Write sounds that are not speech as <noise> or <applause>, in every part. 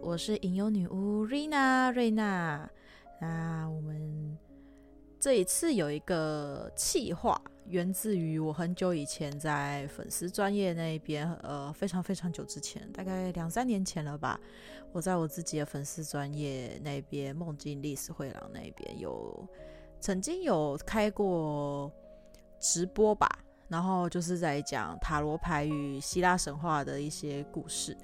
我是吟遊女巫瑞娜，瑞娜。那我們這一次有一個企劃，源自於我很久以前在粉絲專業那邊，呃，非常非常久之前，大概兩三年前了吧。我在我自己的粉絲專業那邊，夢境歷史會廊那邊有曾經有開過直播吧。然後就是在講塔羅牌與希臘神話的一些故事，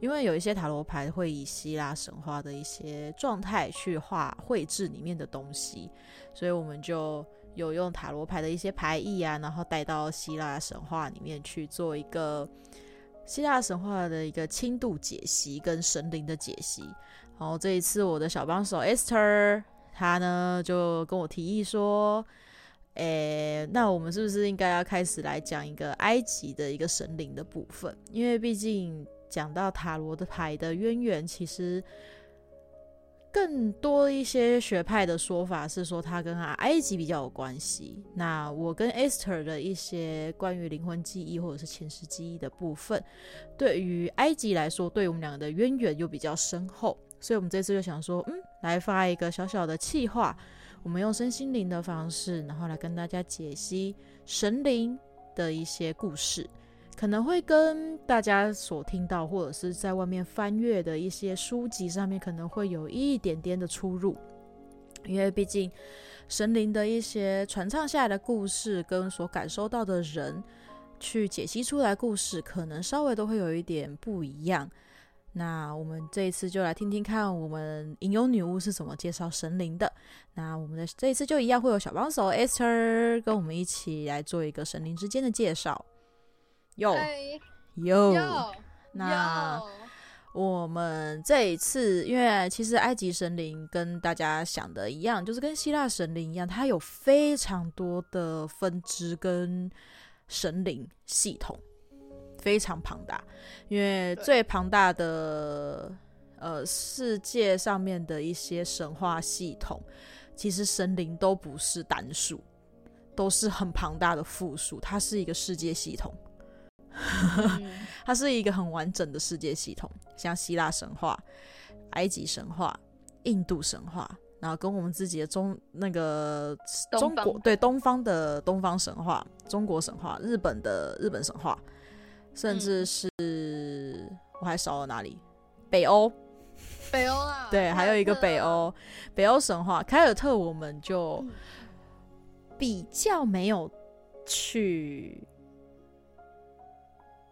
因為有一些塔羅牌會以希臘神話的一些狀態去畫繪製裡面的東西，所以我們就有用塔羅牌的一些牌意啊，然後帶到希臘神話裡面去做一個希臘神話的一個輕度解析跟神靈的解析。然後這一次我的小幫手 Esther，他呢就跟我提議說。誒、欸，那我們是不是應該要開始來講一個埃及的一個神靈的部分？因為畢竟講到塔羅的牌的淵源，其實更多一些學派的說法是說他跟啊埃及比較有關係。那我跟 Esther 的一些關於靈魂記憶或者是前世記憶的部分，對於埃及來說，對我們兩個的淵源又比較深厚，所以我們這次就想說，嗯，來發一個小小的企劃。我們用身心靈的方式，然後來跟大家解析神靈的一些故事，可能會跟大家所聽到或者是在外面翻閱的一些書籍上面可能會有一點點的出入，因為畢竟神靈的一些傳唱下來的故事，跟所感受到的人去解析出來的故事，可能稍微都會有一點不一樣。那我們這一次就來聽聽看，我們吟遊女巫是怎麼介紹神靈的。那我們的這一次就一樣會有小幫手 Esther 跟我們一起來做一個神靈之間的介紹。有有。那我們這一次，因為其實埃及神靈跟大家想的一樣，就是跟希臘神靈一樣，它有非常多的分支跟神靈系統。非常龐大，因為最龐大的對呃，世界上面的一些神話系統，其實神靈都不是單數，都是很龐大的複數。它是一個世界系統， <laughs> 它是一個很完整的世界系統，像希臘神話、埃及神話、印度神話，然後跟我們自己的中那個中國東方對東方的東方神話、中國神話、日本的日本神話。甚至是、嗯、我還少了哪裡？北歐，北歐啊， <laughs> 對，啊、還有一個北歐，北歐神話，凱爾特我們就比較沒有去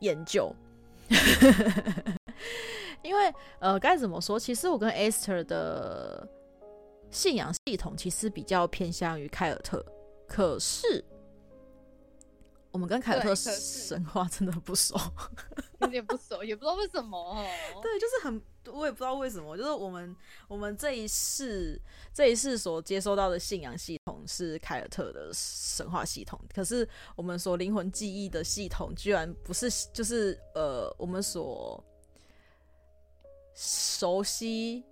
研究， <laughs> 因為呃，該怎麼說？其實我跟 Esther 的信仰系統其實比較偏向於凱爾特，可是。我們跟凱爾特神話真的不熟， <laughs> 有點不熟，也不知道為什麼。 <laughs> 對，就是很，我也不知道為什麼。就是我們我們這一世這一世所接收到的信仰系統是凱爾特的神話系統，可是我們所靈魂記憶的系統居然不是，就是呃，我們所熟悉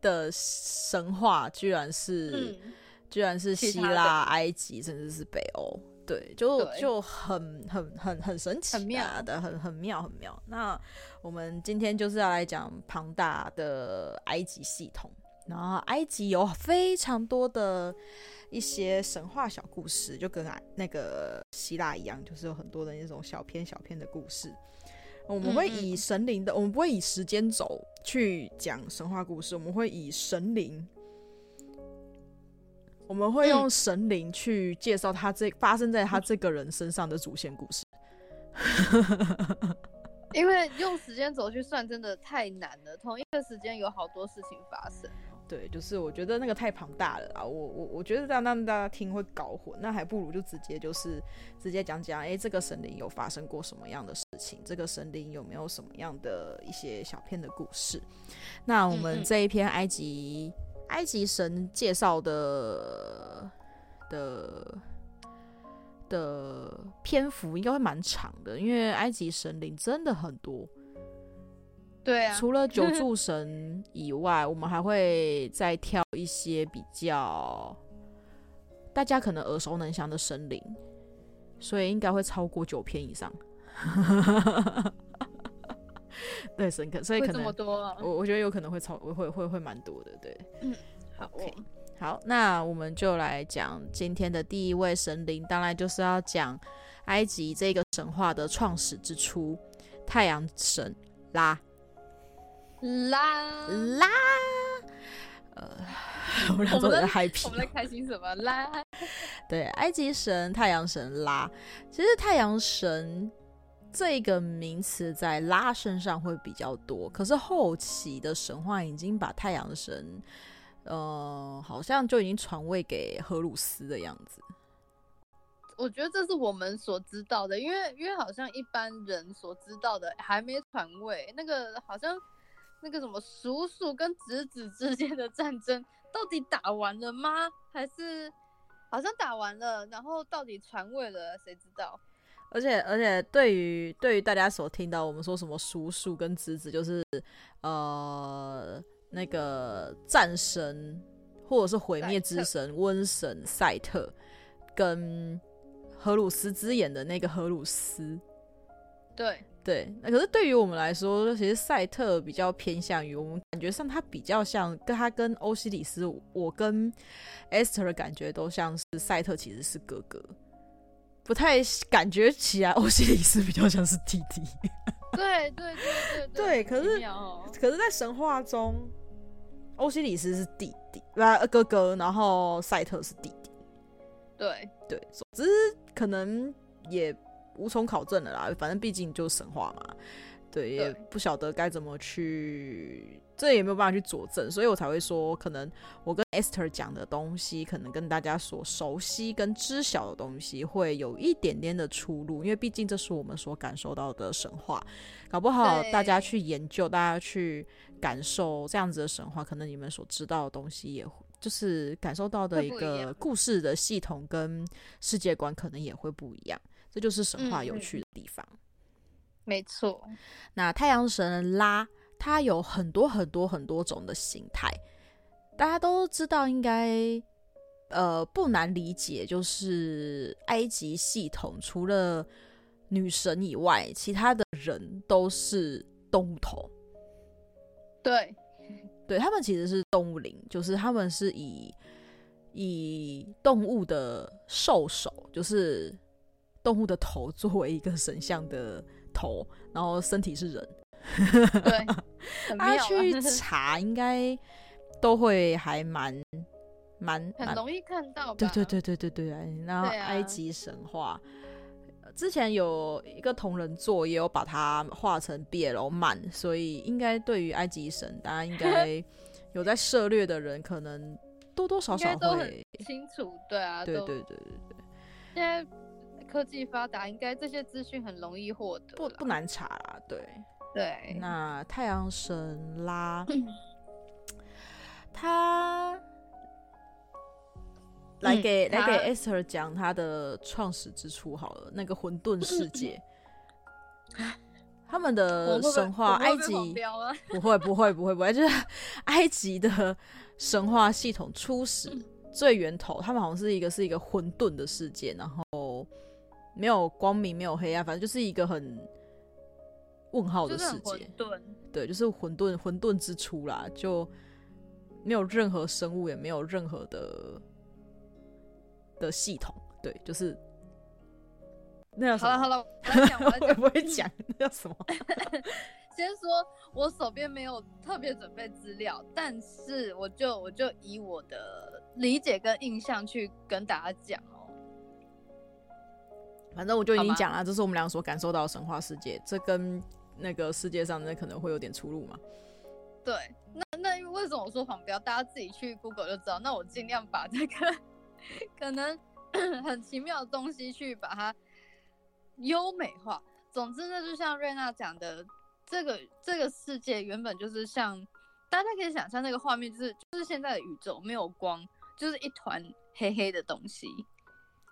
的神話，居然是、嗯、居然是希臘、埃及，甚至是北歐。對，就對就很很很很神奇的，啊很妙，很很妙很妙。那我們今天就是要來講龐大的埃及系統，然後埃及有非常多的一些神話小故事，就跟那個希臘一樣，就是有很多的那種小篇小篇的故事。我們會以神靈的，嗯嗯，我們不會以時間軸去講神話故事，我們會以神靈。我們會用神靈去介紹他這發生在他這個人身上的主線故事，嗯、 <laughs> 因為用時間軸去算真的太難了，同一個時間有好多事情發生。對，就是我覺得那個太龐大了啊！我我我覺得這樣讓大家聽會搞混，那還不如就直接就是直接講講，哎、欸，這個神靈有發生過什麼樣的事情，這個神靈有沒有什麼樣的一些小片的故事？那我們這一篇埃及。嗯嗯埃及神介紹的的的篇幅應該會蠻長的，因為埃及神靈真的很多。對啊，除了九柱神以外， <laughs> 我們還會再挑一些比較大家可能耳熟能詳的神靈，所以應該會超過九篇以上。 <laughs> 對神可所以可能這麼多我我覺得有可能會超會會會蠻多的，對，嗯好 OK、哦、好，那我們就來講今天的第一位神靈，當然就是要講埃及這個神話的創始之初，太陽神拉拉拉，呃，我們倆都在嗨皮， <laughs> 我們在開心什麼拉？ <laughs> 對，埃及神太陽神拉，其實太陽神。這個名詞在拉身上會比較多，可是後期的神話已經把太陽神，呃，好像就已經傳位給荷魯斯的樣子。我覺得這是我們所知道的，因為因為好像一般人所知道的還沒傳位，那個好像那個什麼叔叔跟侄子，子之間的戰爭到底打完了嗎？還是好像打完了，然後到底傳位了，誰知道？而且，而且，對於對於大家所聽到我們說什麼叔叔跟侄子就是呃，那個戰神或者是毀滅之神、賽特，瘟神賽特跟荷魯斯之眼的那個荷魯斯，對對。可是對於我們來說，其實賽特比較偏向於我們感覺上，他比較像跟他跟歐西里斯，我跟 Esther 的感覺都像是賽特其實是哥哥。不太感覺起來，歐西里斯比較像是弟弟。 <laughs> 對，對對對對對， <laughs> 對，可是、哦、可是在神話中，歐西里斯是弟弟，不，哥哥，然後賽特是弟弟。對對，只是可能也無從考證了啦，反正畢竟就是神話嘛。對，也對不曉得該怎麼去，這也沒有辦法去佐證，所以我才會說，可能我跟 Esther 講的東西，可能跟大家所熟悉跟知曉的東西會有一點點的出入，因為畢竟這是我們所感受到的神話，搞不好大家去研究，對大家去感受這樣子的神話，可能你們所知道的東西也會，也就是感受到的一個故事的系統跟世界觀，可能也會不一樣，這就是神話有趣的地方。嗯沒錯，那太陽神拉他有很多很多很多種的形態，大家都知道應，應該呃不難理解，就是埃及系統除了女神以外，其他的人都是動物頭。對，對他們其實是動物靈，就是他們是以以動物的獸首，就是動物的頭作為一個神像的。頭，然後身體是人， <laughs> 對，大、啊、去查應該都會還蠻蠻,蠻很容易看到吧。對對對對對對然後埃及神話、啊、之前有一個同人作也有把它畫成 BL 漫，所以應該對於埃及神，大家應該有在涉獵的人，可能多多少少會都很清楚。對啊，對,對對對對對，科技發達，應該這些資訊很容易獲得，不不難查啦。對對，那太陽神拉、嗯、他，他來給來給 Esther 講他的創始之初好了，嗯、那個混沌世界，嗯、他們的神話埃及不會不會 <laughs> 不會不會，不會，不會，不會，不會就是 <laughs> 埃及的神話系統初始、嗯、最源頭，他們好像是一個是一個混沌的世界，然後。沒有光明，沒有黑暗，反正就是一個很問號的世界。混沌。對，就是混沌，混沌之初啦，就沒有任何生物，也沒有任何的的系統。對，就是那好了，好了，我講，我講 <laughs> 我也不會講那叫什麼？ <laughs> 先說，我手邊沒有特別準備資料，但是我就我就以我的理解跟印象去跟大家講。反正我就已經講了，這是我們兩個所感受到的神話世界，吧這跟那個世界上那可能會有點出入嘛。對，那那為,為什麼我說黃標，大家自己去 Google 就知道。那我儘量把這個可能很奇妙的東西去把它優美化。總之，呢，就像瑞娜講的，這個這個世界原本就是像大家可以想象那個畫面，就是就是現在的宇宙沒有光，就是一團黑黑的東西。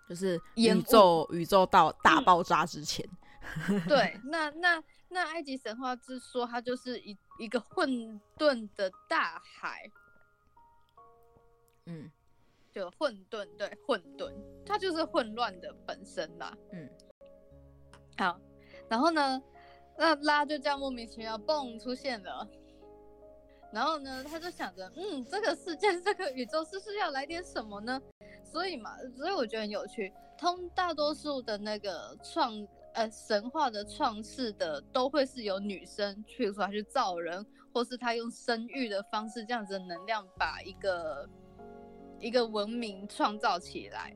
就是演奏霧宇宙到大爆炸之前。嗯。 <laughs> 對，那那那埃及神話之說，它就是一一個混沌的大海。嗯，就混沌，對，混沌，它就是混亂的本身啦。嗯。好，然後呢，那拉，拉就這樣莫名其妙蹦出現了。然後呢，他就想着，嗯，這個世界，這個宇宙，是不是要來點什麼呢？所以嘛，所以我覺得很有趣。通大多數的那個創，呃，神話的創世的都會是由女生，譬如說她去造人，或是她用生育的方式這樣子的能量把一個一個文明創造起來。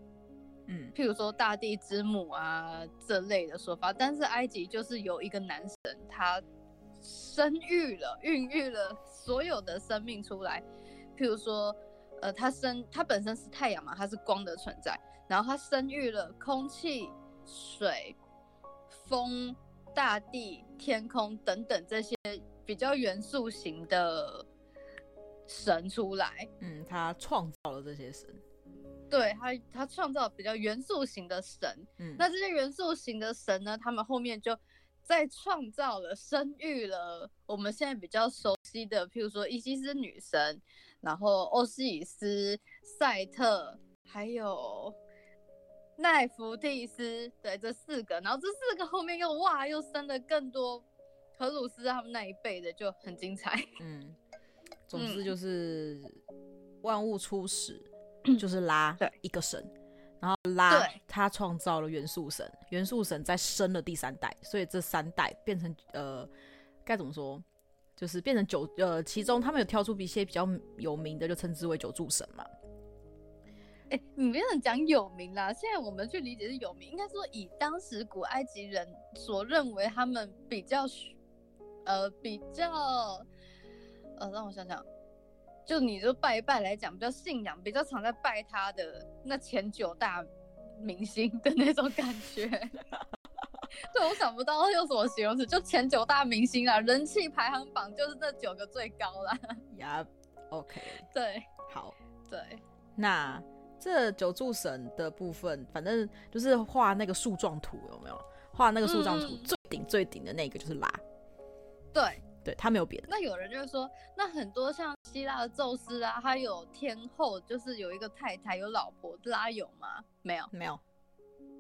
嗯，譬如說大地之母啊這類的說法。但是埃及就是有一個男神，他生育了，孕育了所有的生命出來。譬如說。呃，它生，它本身是太陽嘛，它是光的存在，然後它生育了空氣、水、風、大地、天空等等這些比較元素型的神出來。嗯，它創造了這些神。對，它它創造比較元素型的神。嗯，那這些元素型的神呢，他們後面就在創造了、生育了我們現在比較熟悉的，譬如說伊西斯女神。然後，奧西里斯、賽特，還有奈芙蒂斯，對，這四個。然後這四個後面又哇，又生了更多。荷魯斯他們那一輩的就很精彩。嗯，總之就是萬物初始、嗯、就是拉一個神，對然後拉他創造了元素神，對元素神再生了第三代，所以這三代變成呃，該怎麼說？就是變成九呃，其中他們有挑出一些比較有名的，就稱之為九柱神嘛。哎、欸，你別講有名啦，現在我們去理解是有名，應該說以當時古埃及人所認為他們比較，呃，比較，呃，讓我想想，就你就拜一拜來講，比較信仰，比較常在拜他的那前九大明星的那種感覺。 <laughs> <laughs> 對，我想不到用什麼形容詞，就前九大明星啊，人氣排行榜就是這九個最高了。呀 Yeah ,，OK，對，好，對，那這九柱神的部分，反正就是畫那個樹狀圖，有沒有？畫那個樹狀圖，嗯、最頂最頂的那個就是拉。對，對他沒有別的。那有人就是說，那很多像希臘的宙斯啊，他有天後，就是有一個太太，有老婆，拉有嗎？沒有，沒有，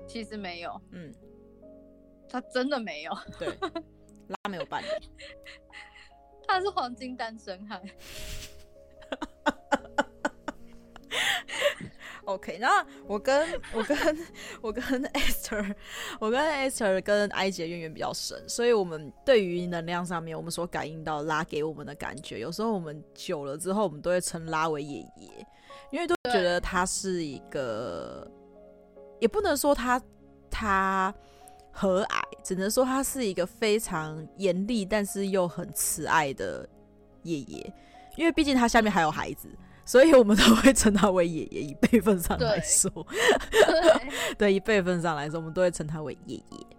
其實沒有，嗯。他真的沒有，對， <laughs> 拉沒有伴侶，他是黃金單身漢。 <laughs> OK，然後我跟我跟 <laughs> 我跟 Esther，我跟 Esther 跟埃及的淵源比較深，所以我們對於能量上面，我們所感應到拉給我們的感覺，有時候我們久了之後，我們都會稱拉為爺爺，因為都覺得他是一個，對也不能說他他。和藹，只能說他是一個非常嚴厲，但是又很慈愛的爺爺。因為畢竟他下面還有孩子，所以我們都會稱他為爺爺，以輩分上來說。對，以 <laughs> 輩分上來說，我們都會稱他為爺爺。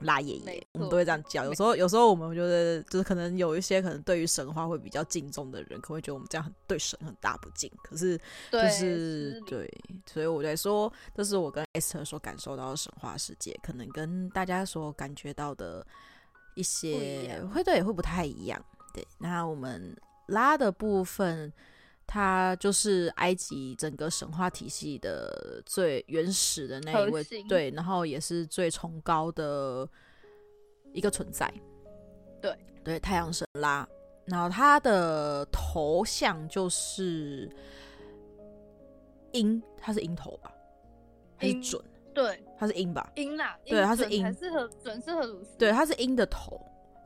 拉爺爺，我們都會這樣叫。有時候，沒錯，有時候我們覺得就是可能有一些可能對於神話會比較敬重的人，可能會覺得我們這樣很對神很大不敬。可是，就是對，所以我在說，這、就是我跟艾斯特所感受到的神話世界，可能跟大家所感覺到的一些會對也會不太一樣。對，那我們拉的部分。他就是埃及整個神話體系的最原始的那一位，型對，然後也是最崇高的一個存在，對對，太陽神拉，然後他的頭像就是鷹，他是鷹頭吧？還是隼？對，他是鷹吧？鷹啦，對，他鷹准 是鷹，是荷，隼是荷魯斯，對，他是鷹的頭，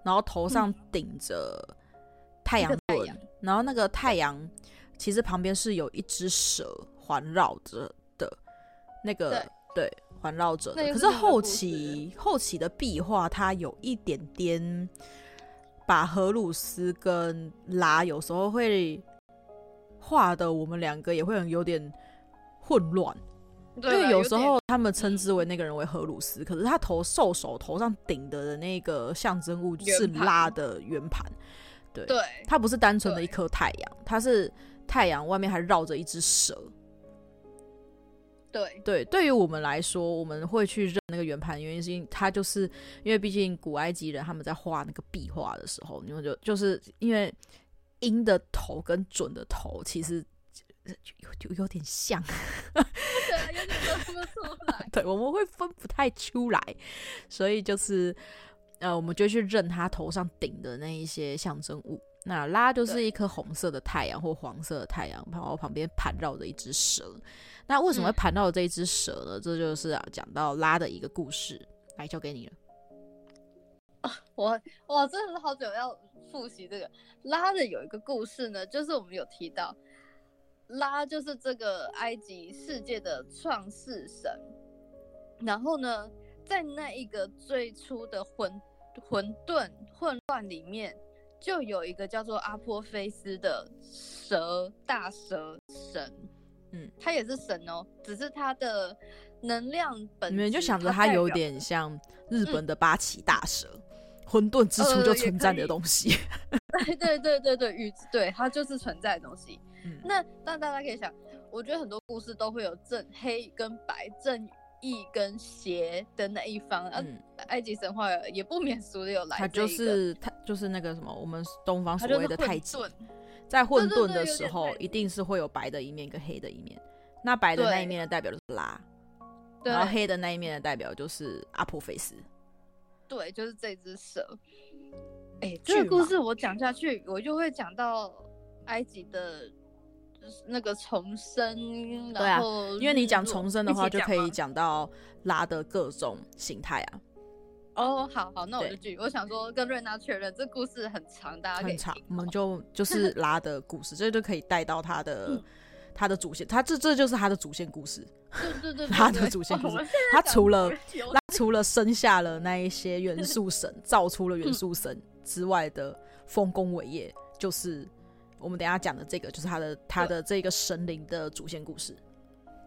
然後頭上頂着太陽，嗯、太陽然後那個太陽。嗯其實旁邊是有一只蛇環繞着的，那個對,對環繞着的。是可是後期後期的壁畫，它有一點點把荷魯斯跟拉有時候會畫的，我們兩個也會很有點混亂，對了，有時候他們稱之為那個人為荷魯斯，可是他頭獸首頭上頂的的那個象徵物是拉盤的圓盤，對，對它不是單純的一顆太陽，它是。太陽外面還繞着一只蛇。對對，對於我們來說，我們會去認那個圓盤，原因是因為它就是因為，畢竟古埃及人他們在畫那個壁畫的時候，你們就就是因為鷹的頭跟隼的頭其實有就，就有點像， <laughs> 對，有點 <laughs> 對，我們會分不太出來，所以就是呃，我們就去認他頭上頂的那一些象徵物。那拉就是一顆紅色的太陽或黃色的太陽，對然後旁邊盤繞着一隻蛇。那為什麼會盤繞這一隻蛇呢？嗯、這就是啊，講到拉的一個故事，來交給你了。啊、我哇，我真的是好久要復習這個拉的有一個故事呢，就是我們有提到拉就是這個埃及世界的創世神，然後呢，在那一個最初的混混沌混亂裡面。就有一個叫做阿波菲斯的蛇大蛇神，嗯，他也是神哦，只是他的能量本，你們就想着他有點像日本的八岐大蛇，嗯、混沌之初就存在的東西。對對對對對，與 <laughs> 對，對，對，對，對，對，對它就是存在的東西。嗯，那那大家可以想，我覺得很多故事都會有正黑跟白正。義跟邪的那一方嗯、啊，埃及神話也不免俗的有來。他就是他就是那個什麼，我們東方所謂的太極，混在混沌的時候，對對對，一定是會有白的一面跟黑的一面。那白的那一面的代表的是拉，對然後黑的那一面的代表就是阿普菲斯。對，就是這只蛇。哎、欸，嗎這個故事我講下去，我就會講到埃及的。那個重生，對啊，然後因為你講重生的話，就可以講到拉的各種形態啊。哦，好好，那我一句，我想說跟瑞娜確認，這故事很長，大家。很長，我們就就是拉的故事，這就可以帶到他的他的主線，他這這就是他的主線故事。對對對，他的主線故事，他除了他除了生下了那一些元素神，造出了元素神之外的豐功偉業，就是。我們等一下講的這個就是他的他的這個神靈的主線故事。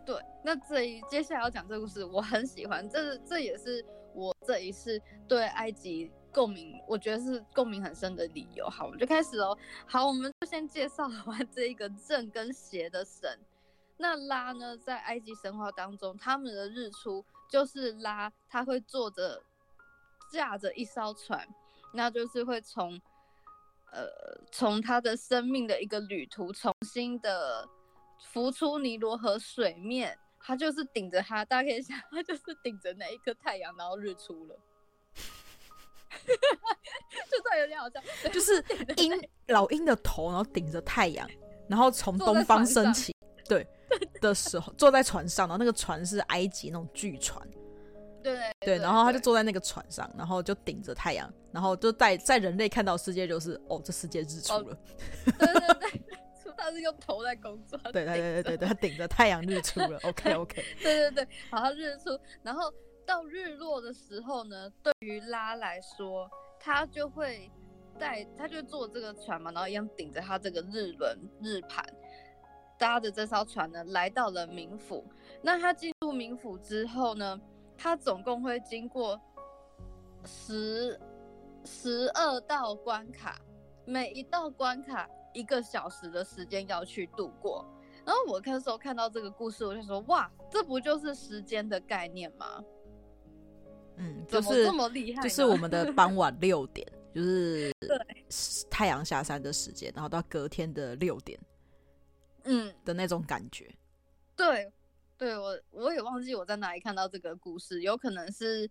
對，那這一接下來要講這個故事，我很喜歡，這這也是我這一次對埃及共鳴，我覺得是共鳴很深的理由。好，我們就開始嘍。好，我們就先介紹完這一個正跟邪的神。那拉呢，在埃及神話當中，他們的日出就是拉，他會坐着駕着一艘船，那就是會從。呃，從他的生命的一個旅途，重新的浮出尼羅河水面，他就是頂着他，大家可以想，他就是頂着那一顆太陽，然後日出了。哈哈，就算有點好笑，就是鷹老鷹的頭，然後頂着太陽，然後從東方升起，對 <laughs> 的時候坐在船上，然後那個船是埃及那種巨船。對對，對，對，對，然後他就坐在那個船上，然後就頂着太陽，然後就帶在人類看到世界就是哦、喔，這世界日出了。哦、對對對， <laughs> 他是用頭在工作。對對對對對，他頂着太陽日出了。 <laughs> OK OK。對對對，好，他日出，然後到日落的時候呢，對於拉來說，他就會帶，他就坐這個船嘛，然後一樣頂着他這個日輪日盤，搭着這艘船呢來到了冥府。那他進入冥府之後呢？它總共會經過十十二道關卡，每一道關卡一個小時的時間要去度過。然後我看時候看到這個故事，我就說：哇，這不就是時間的概念嗎？嗯，就是，怎麼這麼厲害，就是我們的傍晚六點， <laughs> 就是太陽下山的時間，然後到隔天的六點，嗯的那種感覺，嗯、對。對，我我也忘記我在哪裡看到這個故事，有可能是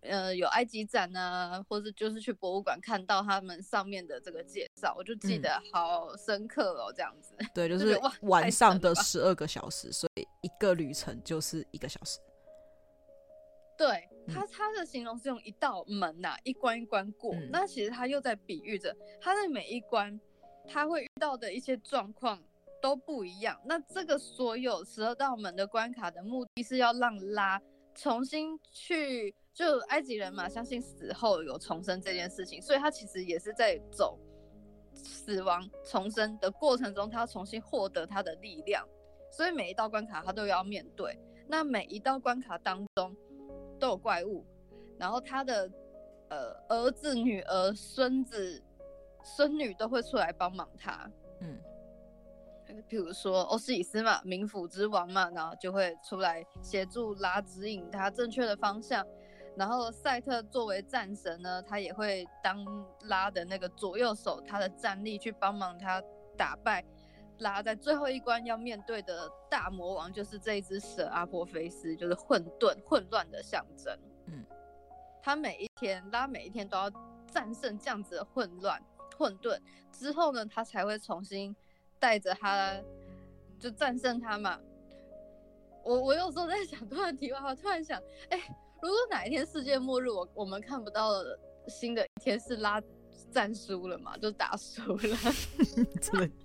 呃有埃及展呢、啊，或是就是去博物館看到他們上面的這個介紹，我就記得好深刻哦，嗯、這樣子。對，就是晚上的十二個小時，所以一個旅程就是一個小時。對他他的形容是用一道門吶、啊，一關一關過，嗯、那其實他又在比喻着他在每一關他會遇到的一些狀況。都不一樣。那這個所有十二道門的關卡的目的，是要讓拉重新去，就埃及人嘛，相信死後有重生這件事情，所以他其實也是在走死亡重生的過程中，他要重新獲得他的力量。所以每一道關卡他都要面對。那每一道關卡當中都有怪物，然後他的呃兒子、女兒、孫子、孫女都會出來幫忙他。嗯。比如說歐西里斯嘛，冥府之王嘛，然後就會出來協助拉，指引他正確的方向。然後賽特作為戰神呢，他也會當拉的那個左右手，他的戰力去幫忙他打敗拉在最後一關要面對的大魔王，就是這一只蛇阿波菲斯，就是混沌，混亂的象徵。嗯，他每一天，拉每一天都要戰勝這樣子的混亂、混沌，之後呢，他才會重新。帶着他，就戰勝他嘛。我我有時候在想，突然題外話，突然想，哎、欸，如果哪一天世界末日，我我們看不到新的一天，是拉戰輸了嘛？就打輸了。 <laughs>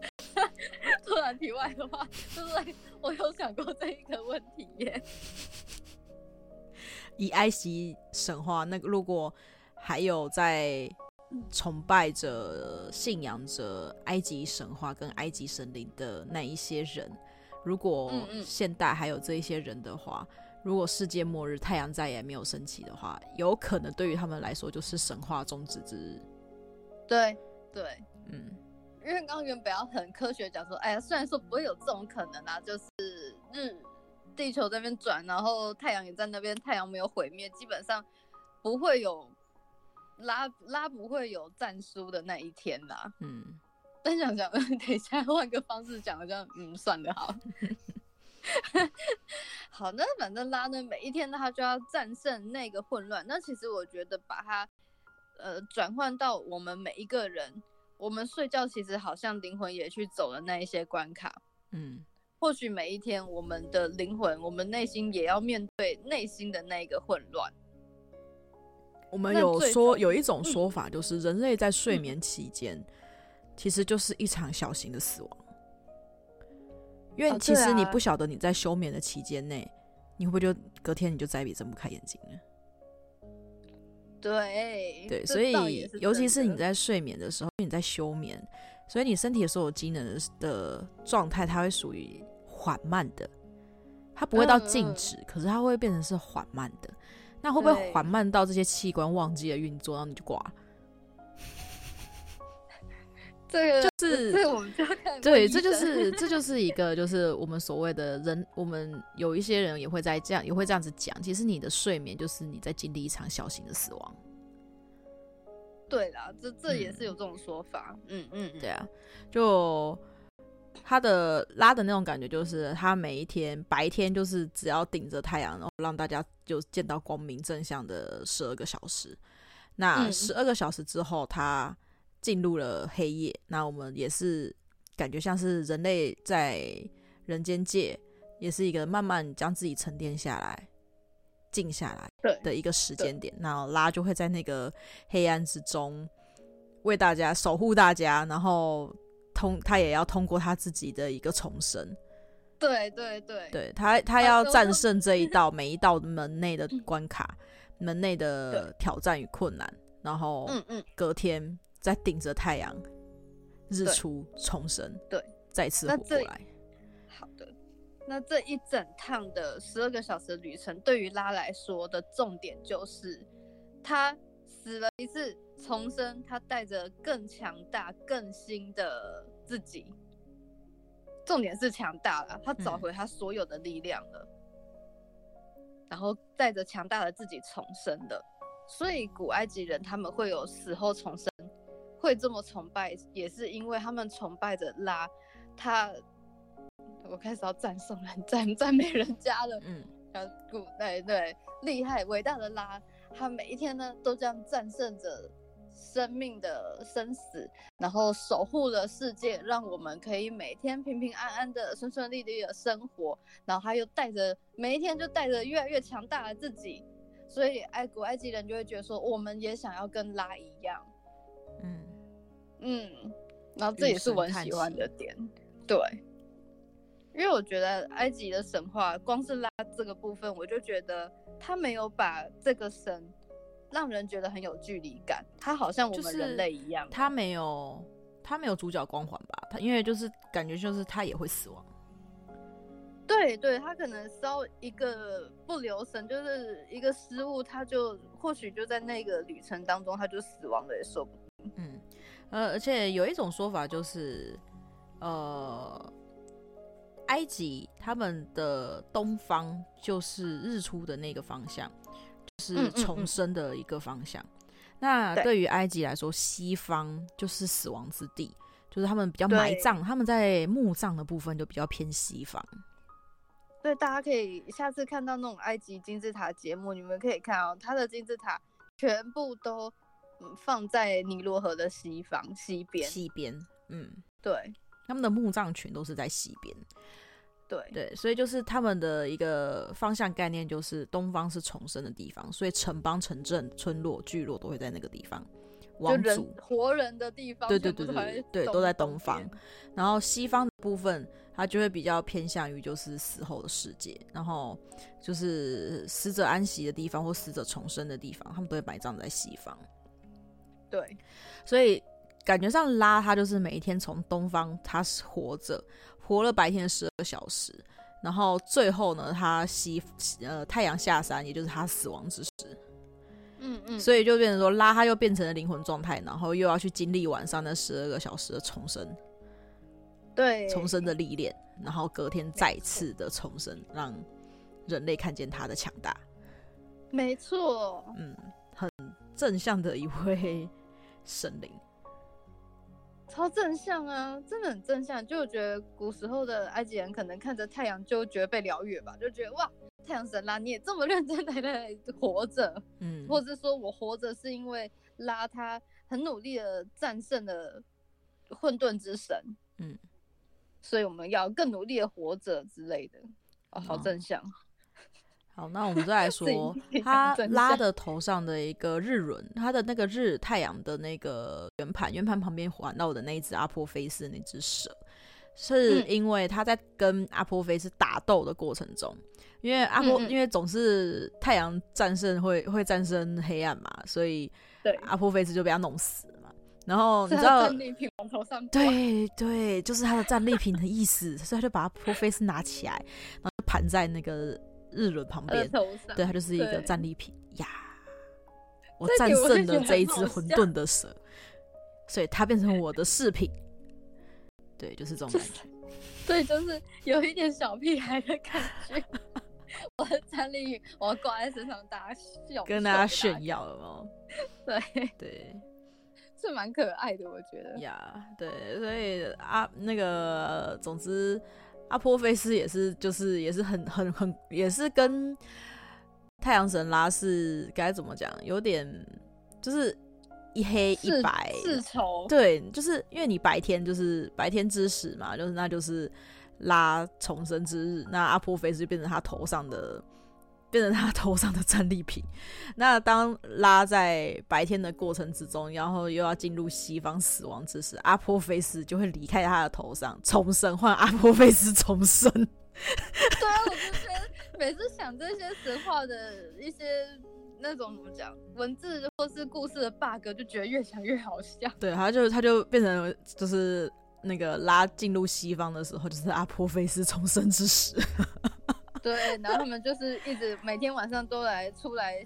<laughs> <laughs> 突然題外的話，就是我，我有想過這一個問題耶。以埃及神話，那個如果還有在。崇拜着、信仰着埃及神話跟埃及神靈的那一些人，如果現代還有這一些人的話，嗯嗯，如果世界末日太陽再也沒有升起的話，有可能對於他們來說就是神話終止之日。對對，對嗯，因為剛剛原本要很科學講說，哎呀，雖然說不會有這種可能啦、啊，就是日、嗯、地球這邊轉，然後太陽也在那邊，太陽沒有毀滅，基本上不會有。拉拉不會有戰書的那一天吶、啊嗯。嗯，但想想，等一下換個方式講，好像嗯算了好。 <laughs> 好，那反正拉呢，每一天他就要戰勝那個混亂。那其實我覺得把它呃轉換到我們每一個人，我們睡覺其實好像靈魂也去走了那一些關卡。嗯，或許每一天我們的靈魂，我們內心也要面對內心的那一個混亂。我們有說有一種說法，就是人類在睡眠期間，嗯、其實就是一場小型的死亡，嗯、因為其實你不曉得你在休眠的期間內，哦啊、你會不會就隔天你就再也睜不開眼睛了。對對，所以尤其是你在睡眠的時候，你在休眠，所以你身體的所有機能的狀態，它會屬於緩慢的，它不會到靜止，嗯、可是它會變成是緩慢的。那會不會緩慢到這些器官忘記了運作，對然後你就掛？這個、就是，我們就對，這就是， <laughs> 這就是一個，就是我們所謂的人， <laughs> 我們有一些人也會在這樣，也會這樣子講。其實你的睡眠就是你在經歷一場小型的死亡。對啦，這這也是有這種說法。嗯嗯，嗯嗯嗯對啊，就。他的拉的那種感覺，就是他每一天白天就是只要頂着太陽，然後讓大家就見到光明正向的十二個小時。那十二個小時之後，他進入了黑夜。那我們也是感覺像是人類在人間界，也是一個慢慢將自己沉澱下來、靜下來的一個時間點。那拉就會在那個黑暗之中為大家守護大家，然後。通他也要通過他自己的一個重生，對對對，對他他要戰勝這一道每一道門內的關卡， <laughs> 門內的挑戰與困難，對然後嗯嗯，隔天再頂着太陽，對日出重生，對，再次活過來。好的，那這一整趟的十二個小時的旅程，對於拉來說的重點就是，他。死了一次重生，他帶着更強大、更新的自己。重點是強大了，他找回他所有的力量了，嗯、然後帶着強大的自己重生的。所以古埃及人他們會有死後重生，會這麼崇拜，也是因為他們崇拜着拉。他，我開始要讚頌人讚讚美人家了。嗯，古代對厲害偉大的拉。他每一天呢，都這樣戰勝着生命的生死，然後守護了世界，讓我們可以每天平平安安的順順利利的生活。然後他又帶着每一天，就帶着越來越強大的自己。所以，愛古埃及人就會覺得說，我們也想要跟拉一樣，嗯嗯。然後這也是我很喜歡的點，對。因為我覺得埃及的神話，光是拉這個部分，我就覺得他沒有把這個神讓人覺得很有距離感，他好像我們人類一樣。他沒有，他沒有主角光環吧？他因為就是感覺就是他也會死亡。對對，他可能稍一個不留神，就是一個失誤，他就或許就在那個旅程當中，他就死亡了也說不定。嗯，呃，而且有一種說法就是，呃。埃及他們的東方就是日出的那個方向，就是重生的一個方向。嗯嗯嗯，那對於埃及來說，對西方就是死亡之地，就是他們比較埋葬，對他們在墓葬的部分就比較偏西方。對，大家可以下次看到那種埃及金字塔節目，你們可以看哦，它的金字塔全部都放在尼羅河的西方西邊、西邊，嗯，對。他們的墓葬群都是在西邊，對對，所以就是他們的一個方向概念，就是東方是重生的地方，所以城邦、城鎮、村落、聚落都會在那個地方。王族活人的地方，對對對對對，都在東方。然後西方的部分，它就會比較偏向於就是死後的世界，然後就是死者安息的地方或死者重生的地方，他們都會埋葬在西方。對，所以。感覺上，拉他就是每一天從東方，他是活着，活了白天十二小時，然後最後呢，他西呃太陽下山，也就是他死亡之時。嗯嗯。所以就變成說，拉他又變成了靈魂狀態，然後又要去經歷晚上那十二個小時的重生。對，重生的歷練，然後隔天再次的重生，錯讓人類看見他的強大。沒錯錯。嗯，很正向的一位神靈。超正向啊，真的很正向，就覺得古時候的埃及人可能看着太陽就覺得被療癒吧，就覺得哇，太陽神拉你也這麼認真來來來活着，嗯，或是說我活着是因為拉他很努力的戰勝了混沌之神，嗯，所以我們要更努力的活着之類的，嗯、哦，好正向。好，那我們再來說他拉的頭上的一個日輪，他的那個日太陽的那個圓盤，圓盤旁邊環繞的那一只阿波菲斯那只蛇，是因為他在跟阿波菲斯打鬥的過程中，因為阿波嗯嗯因為總是太陽戰勝會會戰勝黑暗嘛，所以對，阿波菲斯就被他弄死了嘛。然後你知道戰利品往頭上，對對，就是他的戰利品的意思， <laughs> 所以他就把阿波菲斯拿起來，然後就盤在那個。日輪旁邊，對，它就是一個戰利品對呀！我戰勝了這一隻混沌的蛇，所以它變成我的飾品。對，對，就是這種感覺。就是，對，就是有一點小屁孩的感覺。 <laughs> 我的戰利品，我要掛在身上，大家跟大家炫耀了嗎？對對，對是蠻可愛的，我覺得。呀，yeah, 對，所以啊，那個總之。阿波菲斯也是，就是也是很很很，也是跟太陽神拉是該怎麼講？有點就是一黑一白，是仇，對，就是因為你白天就是白天之時嘛，就是那就是拉重生之日，那阿波菲斯就變成他頭上的。變成他頭上的戰利品。那當拉在白天的過程之中，然後又要進入西方死亡之時，阿波菲斯就會離開他的頭上重生，換阿波菲斯重生。對啊，我就覺得每次想這些神話的一些那種怎麼講文字或是故事的 bug，就覺得越想越好笑。對，他就他就變成就是那個拉進入西方的時候，就是阿波菲斯重生之時。 <laughs> 對，然後他們就是一直每天晚上都來出來，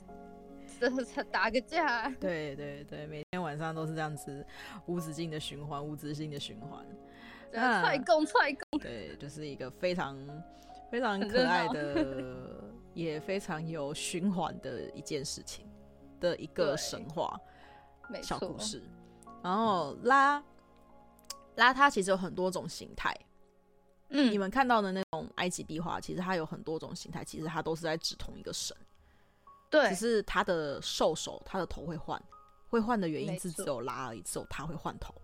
就是打個架。 <laughs> 對對對，每天晚上都是這樣子，無止境的循環，無止境的循環。嗯樣，踹供踹供。踩踩踩踩。對，就是一個非常非常可愛的，熱 <laughs> 也非常有循環的一件事情的一個神話小故事。然後拉拉它，其實有很多種形態。嗯，你們看到的那種埃及壁畫，其實它有很多種形態，其實它都是在指同一個神。對，只是他的獸首，他的頭會換，會換的原因是只有拉而已，錯只有他會換頭，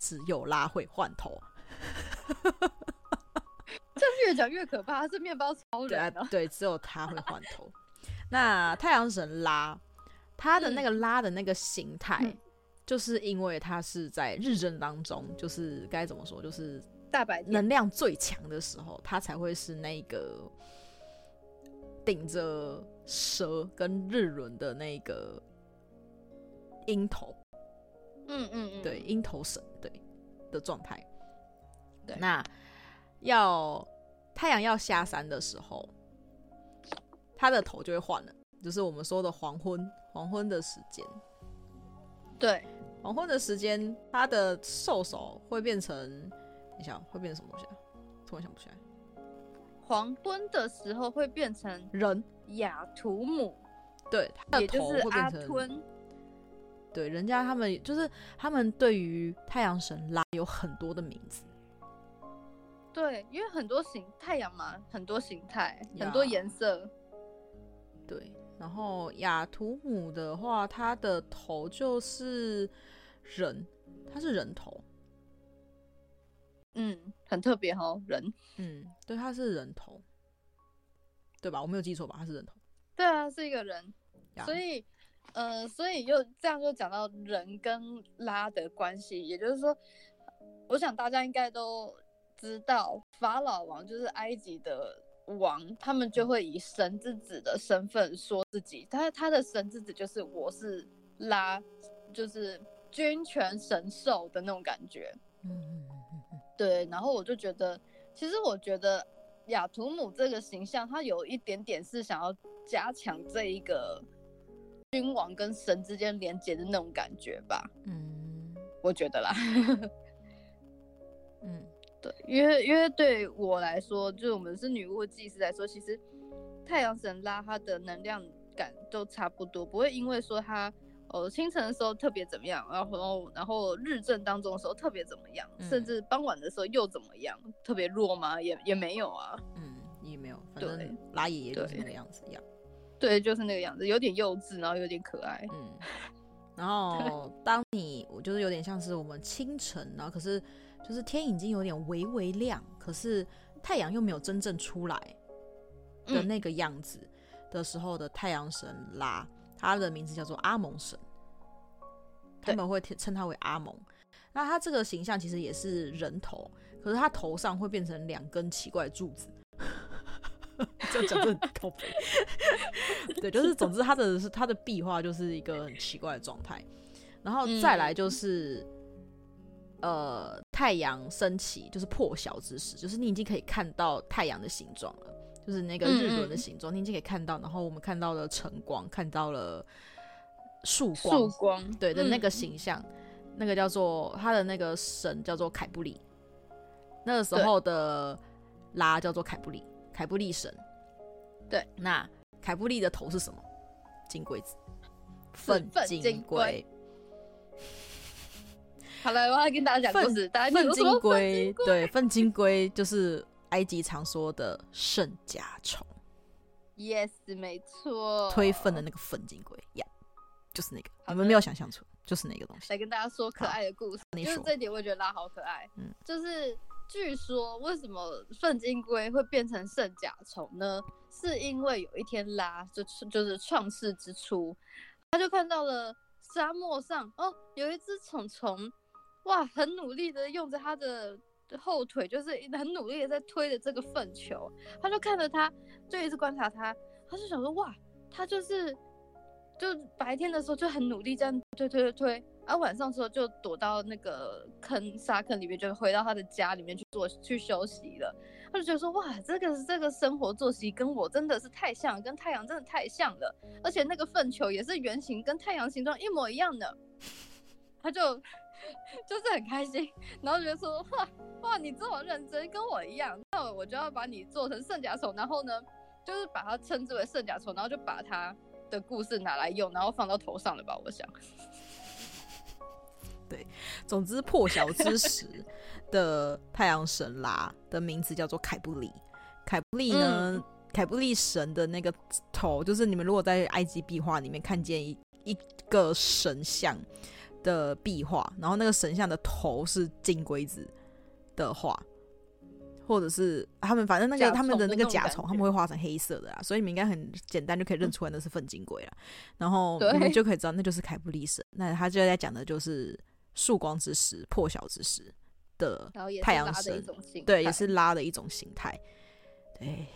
只有拉會換頭。 <laughs> 這越講越可怕，是麵包超人對。對，只有他會換頭。 <laughs> 那太陽神拉，他的那個拉的那個形態，嗯、就是因為他是在日正當中，就是該怎麼說，就是。大白能量最強的時候，它才會是那個頂着蛇跟日輪的那個鷹頭。嗯嗯,嗯對，鷹頭神對的狀態。對，對對那要太陽要下山的時候，它的頭就會換了，就是我們說的黃昏，黃昏的時間。對，黃昏的時間，它的獸首會變成。會變成什麼東西啊？突然想不起來。黃昏的時候會變成人雅圖姆，對，他的頭會變成也就是阿吞。對，人家他們就是他們對於太陽神拉有很多的名字。對，因為很多形太陽嘛，很多形態，很多顏色。對，然後雅圖姆的話，他的頭就是人，他是人頭。嗯，很特別哦，人。嗯，對，他是人頭，對吧？我沒有記錯吧？他是人頭。對啊，是一個人。呀所以，呃，所以又這樣就講到人跟拉的關係，也就是說，我想大家應該都知道，法老王就是埃及的王，他們就會以神之子的身份說自己，他他的神之子就是我是拉，就是君權神授的那種感覺。嗯嗯。對，然後我就覺得，其實我覺得雅圖姆這個形象，他有一點點是想要加強這一個君王跟神之間連接的那種感覺吧。嗯，我覺得啦。 <laughs> 嗯，對，因為因為對我來說，就我們是女巫祭司來說，其實太陽神拉他的能量感都差不多，不會因為說他。哦，清晨的時候特別怎麼樣？然後，然後日正當中的時候特別怎麼樣？嗯、甚至傍晚的時候又怎麼樣？特別弱嗎？也也沒有啊。嗯，也沒有。反正拉爺爺就是那個樣子一對樣。對，就是那個樣子，有點幼稚，然後有點可愛。嗯。然後對當你，我就是有點像是我們清晨，然後可是就是天已經有點微微亮，可是太陽又沒有真正出來的那個樣子的時候的太陽神拉。嗯他的名字叫做阿蒙神，他們會稱他為阿蒙。對那他這個形象其實也是人頭，可是他頭上會變成兩根奇怪的柱子。就整個講很 <laughs> 對，就是，總之他的 <laughs> 他的壁畫就是一個很奇怪的狀態。然後再來就是，嗯、呃，太陽升起，就是破曉之時，就是你已經可以看到太陽的形狀了。就是那個日輪的形狀，嗯、你就可以看到。然後我們看到了晨光，看到了曙光，曙光對、嗯、的那個形象，那個叫做他的那個神叫做凱布裡，那個時候的拉叫做凱布裡，凱布裡神。對，那凱布裡的頭是什麼？金龜子，糞金龜。 <laughs> 好了，我要跟大家講故事，范大家概糞金龜，金龜，對，糞金龜就是。 <laughs> 埃及常說的聖甲蟲，Yes，沒錯，推糞的那個糞金龜 Yeah 就是那個，我的們沒有想象出來，就是那個東西。來跟大家說可愛的故事，好就是這一點，我也覺得拉好可愛。嗯說，就是據說為什麼糞金龜會變成聖甲蟲呢？是因為有一天拉就,就是就是創世之初，他就看到了沙漠上哦有一只蟲蟲，哇，很努力的用着他的。後腿就是很努力的在推着這個糞球，他就看着他，就一直觀察他，他就想說哇，他就是，就白天的時候就很努力這樣推推推推，後、啊、晚上的時候就躲到那個坑沙坑裡面，就回到他的家裡面去做去休息了。他就覺得說哇，這個這個生活作息跟我真的是太像，跟太陽真的太像了，而且那個糞球也是圓形，跟太陽形狀一模一樣的，他就。就是很開心，然後覺得說哇哇，你這麼認真，跟我一樣，那我就要把你做成聖甲蟲，然後呢，就是把它稱之為聖甲蟲，然後就把它的故事拿來用，然後放到頭上了吧，我想。對，總之破曉之時的太陽神啦 <laughs> 的名字叫做凱布里，凱布里呢，嗯、凱布里神的那個頭，就是你們如果在埃及壁畫裡面看見一一個神像。的壁畫，然後那個神像的頭是金龜子的畫，或者是他們反正那個甲蟲 他們的那個甲蟲，甲蟲他們會畫成黑色的啊，嗯、所以你們應該很簡單就可以認出來那是糞金龜了。然後你們就可以知道那就是凱布利神，對那他就在講的就是曙光之時、破曉之時的太陽神，對，也是拉的一種形態。對，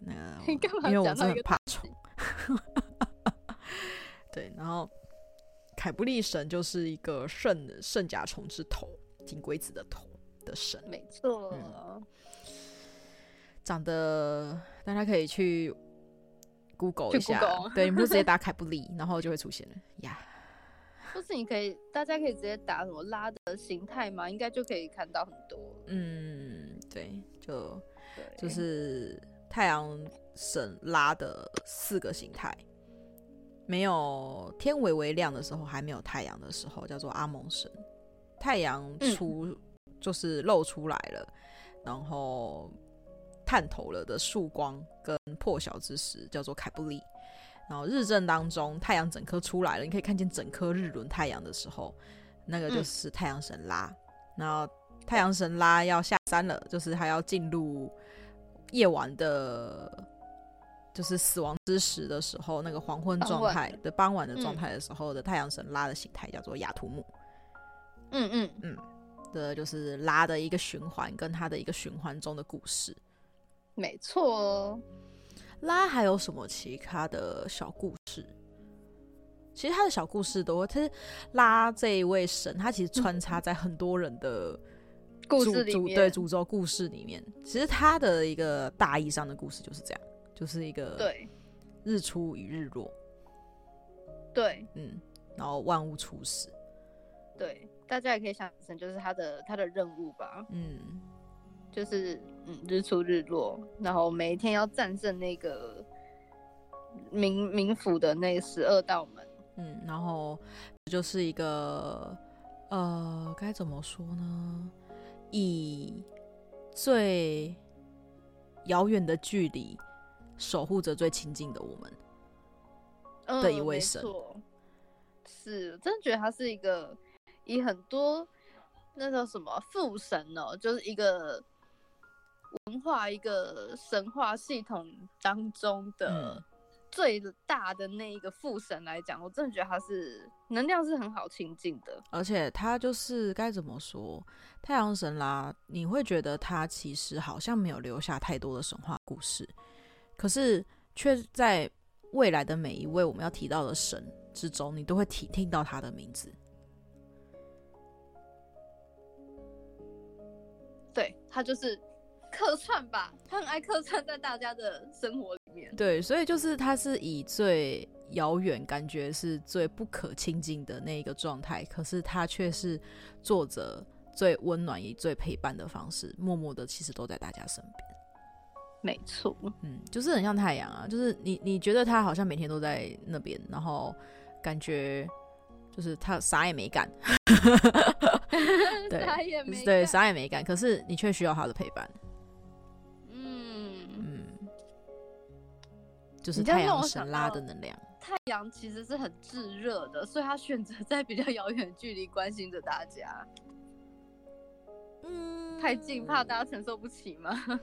那，那因為我真的很怕蟲。 <laughs> 對，然後。凱布利神就是一個聖聖甲蟲之頭，金龜子的頭的神。沒錯、啊嗯，長得大家可以去 Google 一下，對，你就直接打凱布利， <laughs> 然後就會出現了呀。Yeah，不是，你可以，大家可以直接打什麼拉的形態嗎？應該就可以看到很多。嗯，對，就對就是太陽神拉的四個形態。沒有天微微亮的時候，還沒有太陽的時候，叫做阿蒙神；太陽出、嗯、就是露出來了，然後探頭了的曙光跟破曉之時，叫做凱布利；然後日正當中，太陽整顆出來了，你可以看見整顆日輪太陽的時候，那個就是太陽神拉；嗯、然後太陽神拉要下山了，就是他要進入夜晚的。就是死亡之時的時候，那個黃昏狀態的傍晚的狀態的時候、嗯、的太陽神拉的形態、嗯、叫做亞圖姆。嗯嗯嗯，的就是拉的一個循環跟他的一個循環中的故事。沒錯、哦，拉還有什麼其他的小故事？其實他的小故事多，他拉這一位神，他其實穿插在很多人的、嗯、故事裡，對，詛咒故事裡面。其實他的一個大意上的故事就是這樣。就是一個對日出與日落，對，嗯，然後萬物初始，對，大家也可以想像成就是他的他的任務吧，嗯，就是嗯日出日落，然後每一天要戰勝那個冥冥府的那十二道門，嗯，然後就是一個呃，該怎麼說呢？以最遙遠的距離。守護着最親近的我們、嗯、的一位神，是，我真的覺得他是一個以很多那叫什麼父神哦，就是一個文化一個神話系統當中的最大的那一個父神來講，嗯、我真的覺得他是能量是很好親近的，而且他就是該怎麼說太陽神啦，你會覺得他其實好像沒有留下太多的神話故事。可是，卻在未來的每一位我們要提到的神之中，你都會聽聽到他的名字。對，他就是客串吧，他很愛客串在大家的生活裡面。對，所以就是他是以最遙遠，感覺是最不可親近的那一個狀態，可是他卻是做着最溫暖、以最陪伴的方式，默默的其實都在大家身邊。沒錯，嗯，就是很像太陽啊，就是你你覺得他好像每天都在那邊，然後感覺就是他啥也沒幹， <laughs> 對， <laughs> 啥也沒幹，對，啥也沒幹，可是你卻需要他的陪伴。嗯嗯，就是太陽神拉的能量。太陽其實是很炙熱的，所以他選擇在比較遙遠的距離關心着大家。嗯，太近怕大家承受不起嗎？嗯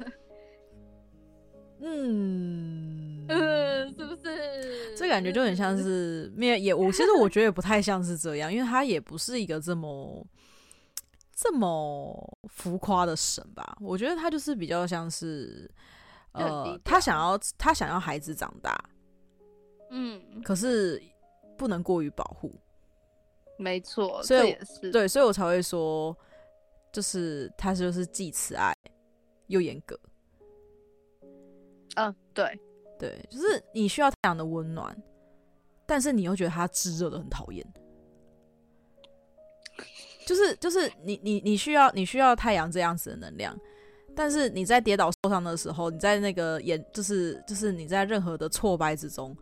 嗯，是不是？這感覺就很像是，沒有也我其實我覺得也不太像是這樣， <laughs> 因為他也不是一個這麼這麼浮誇的神吧。我覺得他就是比較像是，就呃，個他想要他想要孩子長大，嗯，可是不能過於保護。沒錯錯，所以對，所以我才會說，就是他就是既慈愛又嚴格。嗯，uh, 對，對，就是你需要太陽的溫暖，但是你又覺得它炙熱的很討厭。就是就是你你你需要你需要太陽這樣子的能量，但是你在跌倒受傷的時候，你在那個眼，就是就是你在任何的挫敗之中，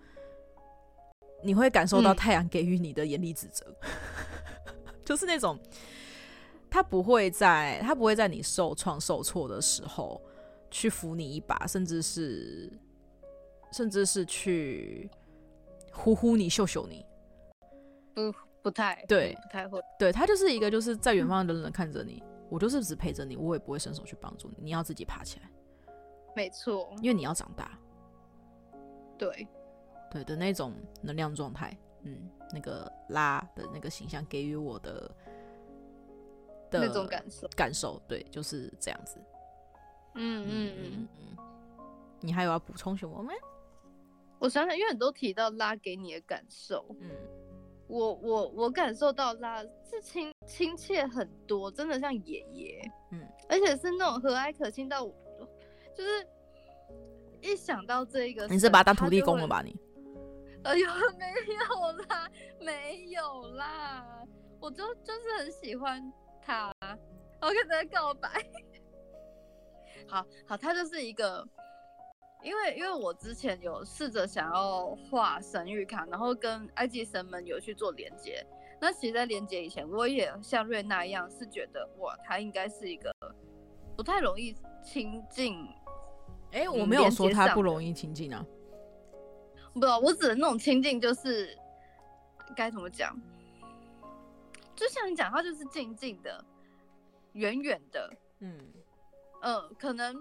你會感受到太陽給予你的嚴厲指責，嗯、 <laughs> 就是那種，它不會在它不會在你受創受挫的時候。去扶你一把，甚至是，甚至是去呼呼你、秀秀你，不不太，對，不太會。對，他就是一個，就是在遠方冷冷看着你。嗯、我就是只陪着你，我也不會伸手去幫助你。你要自己爬起來。沒錯，因為你要長大。對，對的那種能量狀態，嗯，那個拉的那個形象給予我的，的那種感受，感受，對，就是這樣子。嗯嗯嗯嗯嗯，嗯嗯你還有要補充什麼嗎？我想想，因為很多提到拉給你的感受，嗯，我我我感受到拉是親親切很多，真的像爺爺，嗯，而且是那種和藹可親到我，就是一想到這個，你是把他當土地公了吧你？哎呦，沒有啦，沒有啦，我就就是很喜歡他，我跟他告白。好好，他就是一個，因為因為我之前有試着想要畫神諭卡，然後跟埃及神們有去做連接。那其實，在連接以前，我也像瑞娜一樣，是覺得哇，他應該是一個不太容易親近。哎、欸，我沒有說他不容易親近啊、嗯。不，我指的那種親近，就是該怎麼講？就像你講，他就是靜靜的，遠遠的，嗯。嗯，可能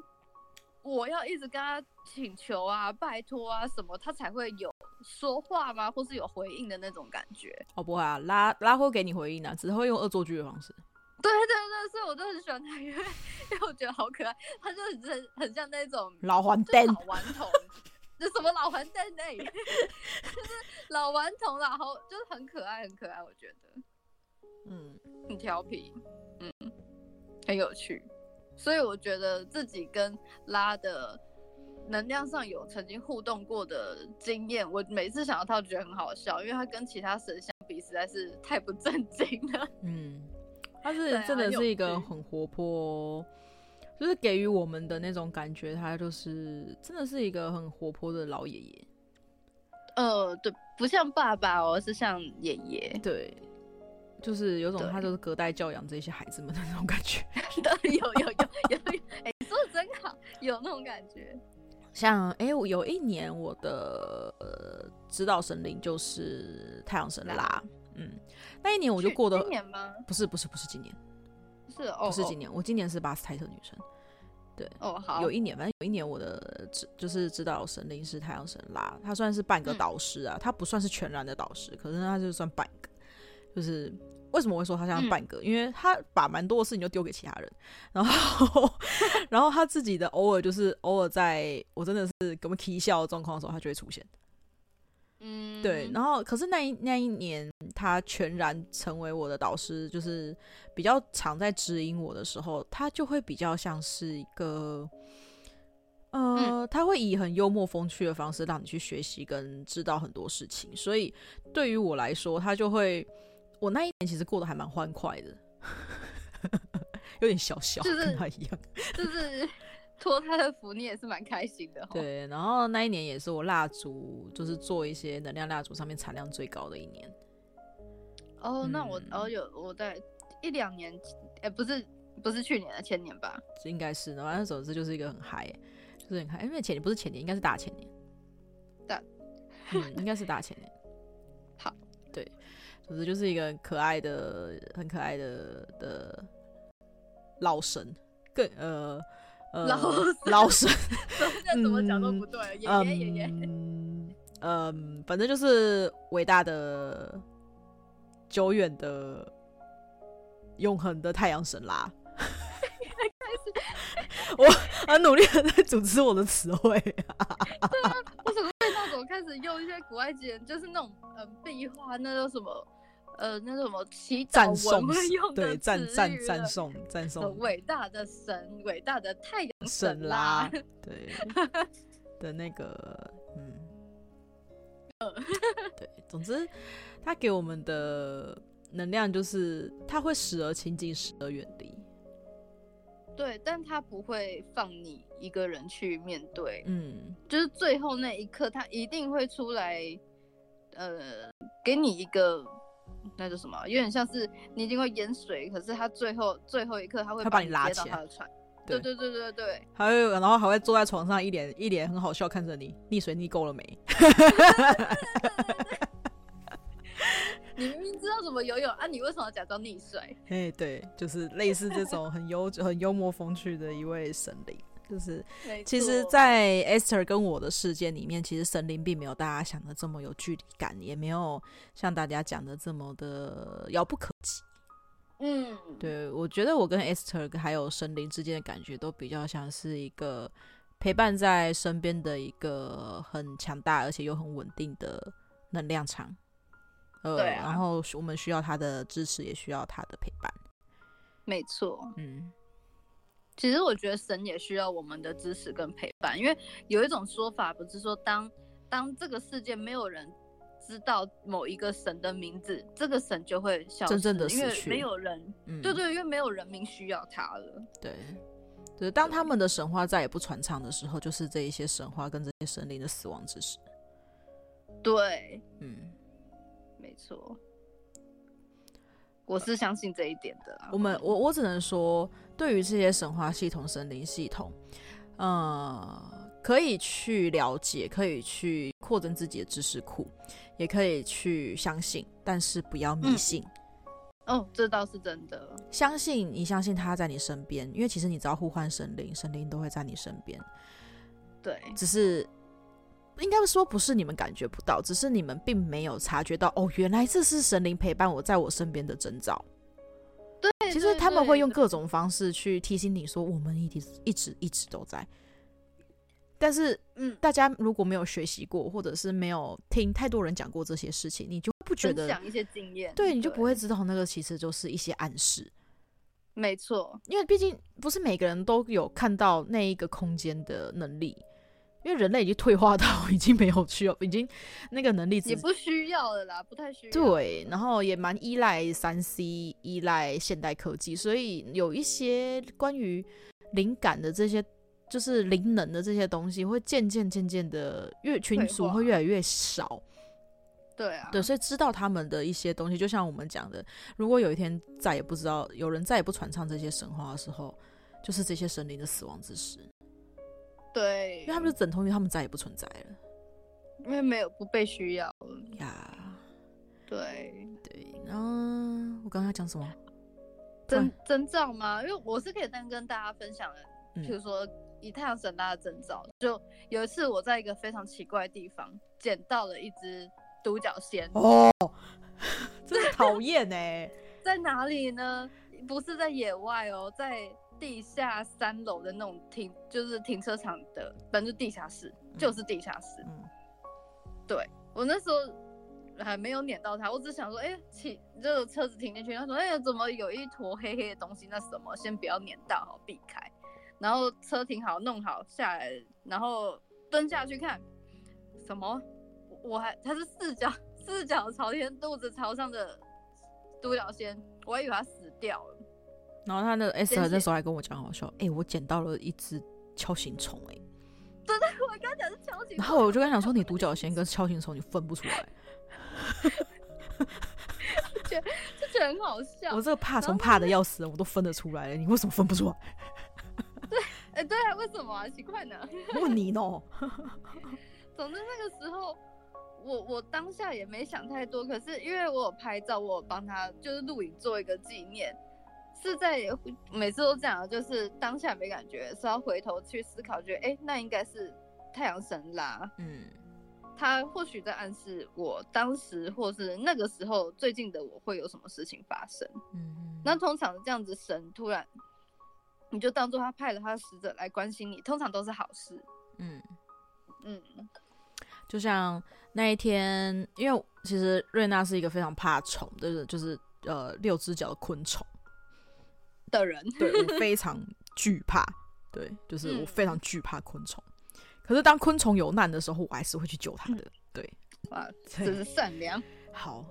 我要一直跟他請求啊，拜託啊什麼，他才會有說話嗎，或是有回應的那種感覺？哦，不會啊，拉拉會給你回應的啊，只會用惡作劇的方式。對對對，所以我就很喜歡他，因為因為我覺得好可愛，他就很很像那種老頑童，老頑童，這什麼老頑童呢？就是老頑童啦，好，就是很可愛，很可愛，我覺得，嗯，很調皮，嗯，很有趣。所以我覺得自己跟拉的能量上有曾經互動過的經驗，我每次想到他，都覺得很好笑，因為他跟其他神相比實在是太不正經了。嗯，他是對真的是一個很活潑、喔，有就是給予我們的那種感覺，他就是真的是一個很活潑的老爺爺。呃，對，不像爸爸哦、喔，是像爺爺。對。就是有種他就是隔代教養這些孩子們的那種感覺對，的 <laughs> 有有有有哎，說的、 <laughs> 欸、真好，有那種感覺。像哎，欸，我有一年我的呃指導神靈就是太陽神拉，嗯，那一年我就過得。今年嗎？不是不是不是今年，是哦，不是今年，我今年是巴斯泰特女神。對哦，好，有一年反正有一年我的指就是指導神靈是太陽神拉，他算是半個導師啊，他、嗯、不算是全然的導師，可是他就算半個。就是為什麼我會說他像半個？嗯、因為他把蠻多的事情就丟給其他人，然後， <laughs> 然後他自己的偶爾就是偶爾在我真的是給我們啼笑的狀況的時候，他就會出現。嗯，對。然後，可是那一那一年，他全然成為我的導師，就是比較常在指引我的時候，他就會比較像是一個，呃，他會以很幽默風趣的方式讓你去學習跟知道很多事情。所以對於我來說，他就會。我那一年其實過得還蠻歡快的， <laughs> 有點小小，就是，跟他一樣，就是托他的福，你也是蠻開心的、哦。對，然後那一年也是我蠟燭，就是做一些能量蠟燭，上面產量最高的一年。哦，oh, 那我，哦、嗯，oh, 有我在一兩年，哎、欸，不是，不是去年了，前年吧，這應該是。然後那時候就是一個很嗨，就是很嗨，因為前年不是前年，應該是大前年，大， <laughs> 嗯，應該是大前年。就是一個很可愛的、很可愛的的老神、呃呃、老神，更呃呃老神，怎麼講都不對，爺爺爺爺。Yeah, yeah, yeah, yeah. 嗯，反正就是偉大的、久遠的、永恆的太陽神啦。 <laughs> 開始 <laughs> 我很努力的在組織我的詞彙。對啊，為什麼最近怎麼開始用一些古埃及人，就是那種嗯，壁畫，那種什麼？呃，那什麼祈禱我們用的詞語，對，贊贊贊頌，贊頌偉大的神，偉大的太陽神，神啦，對 <laughs> 的那個，嗯，呃、 <laughs> 對，總之他給我們的能量就是他會時而親近，時而遠離，對，但他不會放你一個人去面對，嗯，就是最後那一刻，他一定會出來，呃，給你一個。那是什麼？有點像是你經過淹水，可是他最後最後一刻他會把你，他會把你拉起來。對，對對對對對，還有然後還會坐在床上一臉，一臉一臉很好笑看着你，溺水溺夠了沒？ <laughs> <laughs> 你明明知道怎麼游泳啊，你為什麼要假裝溺水？哎，hey, 對，就是類似這種很幽很幽默風趣的一位神靈。就是，其實，在 Esther 跟我的世界裡面，其實神靈並沒有大家想的這麼有距離感，也沒有像大家講的這麼的遙不可及。嗯，對，我覺得我跟 Esther 還有神靈之間的感覺，都比較像是一個陪伴在身邊的一個很強大而且又很穩定的能量場。呃，對啊，然後我們需要他的支持，也需要他的陪伴。沒錯，嗯。其實我覺得神也需要我們的支持跟陪伴，因為有一種說法不是說當當這個世界沒有人知道某一個神的名字，這個神就會消失，真正的死去，因為沒有人，嗯、對對，因為沒有人民需要他了。對，對，當他們的神話再也不傳唱的時候，對就是這一些神話跟這些神靈的死亡之時。對，嗯，沒錯。我是相信這一點的、啊。我們，我我只能說，對於這些神話系統、神靈系統，嗯，可以去了解，可以去擴增自己的知識庫，也可以去相信，但是不要迷信。嗯、哦，這倒是真的。相信你，相信他在你身邊，因為其實你只要呼喚神靈，神靈都會在你身邊。對，只是。應該說不是你們感覺不到，只是你們並沒有察覺到。哦，原來這是神靈陪伴我在我身邊的徵兆。對，對對對，其實他們會用各種方式去提醒你說，我們一直一直一直都在。但是，嗯，大家如果沒有學習過，或者是沒有聽太多人講過這些事情，你就不覺得想一些經驗，對，你就不會知道那個其實就是一些暗示。沒錯，因為畢竟不是每個人都有看到那一個空間的能力。因為人類已經退化到已經沒有需要，已經那個能力也不需要了啦，不太需要。對，然後也蠻依賴三 C，依賴現代科技，所以有一些關於靈感的這些，就是靈能的這些東西，會漸漸漸漸的越群族會越來越少。對啊，對，所以知道他們的一些東西，就像我們講的，如果有一天再也不知道有人再也不傳唱這些神話的時候，就是這些神靈的死亡之時。對，因為他們是枕頭，因為他們再也不存在了，因為沒有不被需要呀。對 Yeah. 對，嗯，然後我剛剛要講什麼徵徵兆嗎？因為我是可以單跟大家分享的，譬如說以太陽神大的徵兆，嗯、就有一次我在一個非常奇怪的地方撿到了一隻獨角仙哦，真討厭呢， <laughs> 在哪裡呢？不是在野外哦，在。地下三樓的那種停，就是停車場的，反正就地下室，嗯、就是地下室。嗯、對我那時候還沒有輾到他，我只想說，哎、欸，停，這個車子停進去。他說，哎、欸，怎麼有一坨黑黑的東西？那什麼，先不要輾到好，好避開。然後車停好，弄好下來，然後蹲下去看，什麼？我還他是四腳四腳朝天，肚子朝上的獨角仙，我還以為他死掉了。然後他那個 s r 那時候還跟我講好笑，哎、欸，我撿到了一只鍬形蟲，哎，對對，我剛講是鍬形，欸。然後我就跟他講說，你獨角仙跟鍬形蟲你分不出來，覺得覺得很好笑。 <laughs> <laughs> 我這個怕蟲怕的要死，我都分得出來了，欸，你為什麼分不出來？對，哎，對啊，為什麼啊？奇怪呢？ <laughs> 問你呢 <laughs> 總之那個時候，我我當下也沒想太多，可是因為我有拍照，我有幫他就是錄影做一個紀念。是在也每次都這樣，就是當下沒感覺，是要回頭去思考，覺得哎、欸，那應該是太陽神啦。嗯，他或許在暗示我當時或是那個時候最近的我會有什麼事情發生。嗯，那通常這樣子神突然，你就當做他派了他的使者來關心你，通常都是好事。嗯嗯，嗯就像那一天，因為其實瑞娜是一個非常怕蟲的，就是就是呃六隻腳的昆蟲。的人 <laughs> 對我非常懼怕，對，就是我非常懼怕昆蟲。嗯、可是當昆蟲有難的時候，我還是會去救它的。嗯、對，哇，真是善良。好，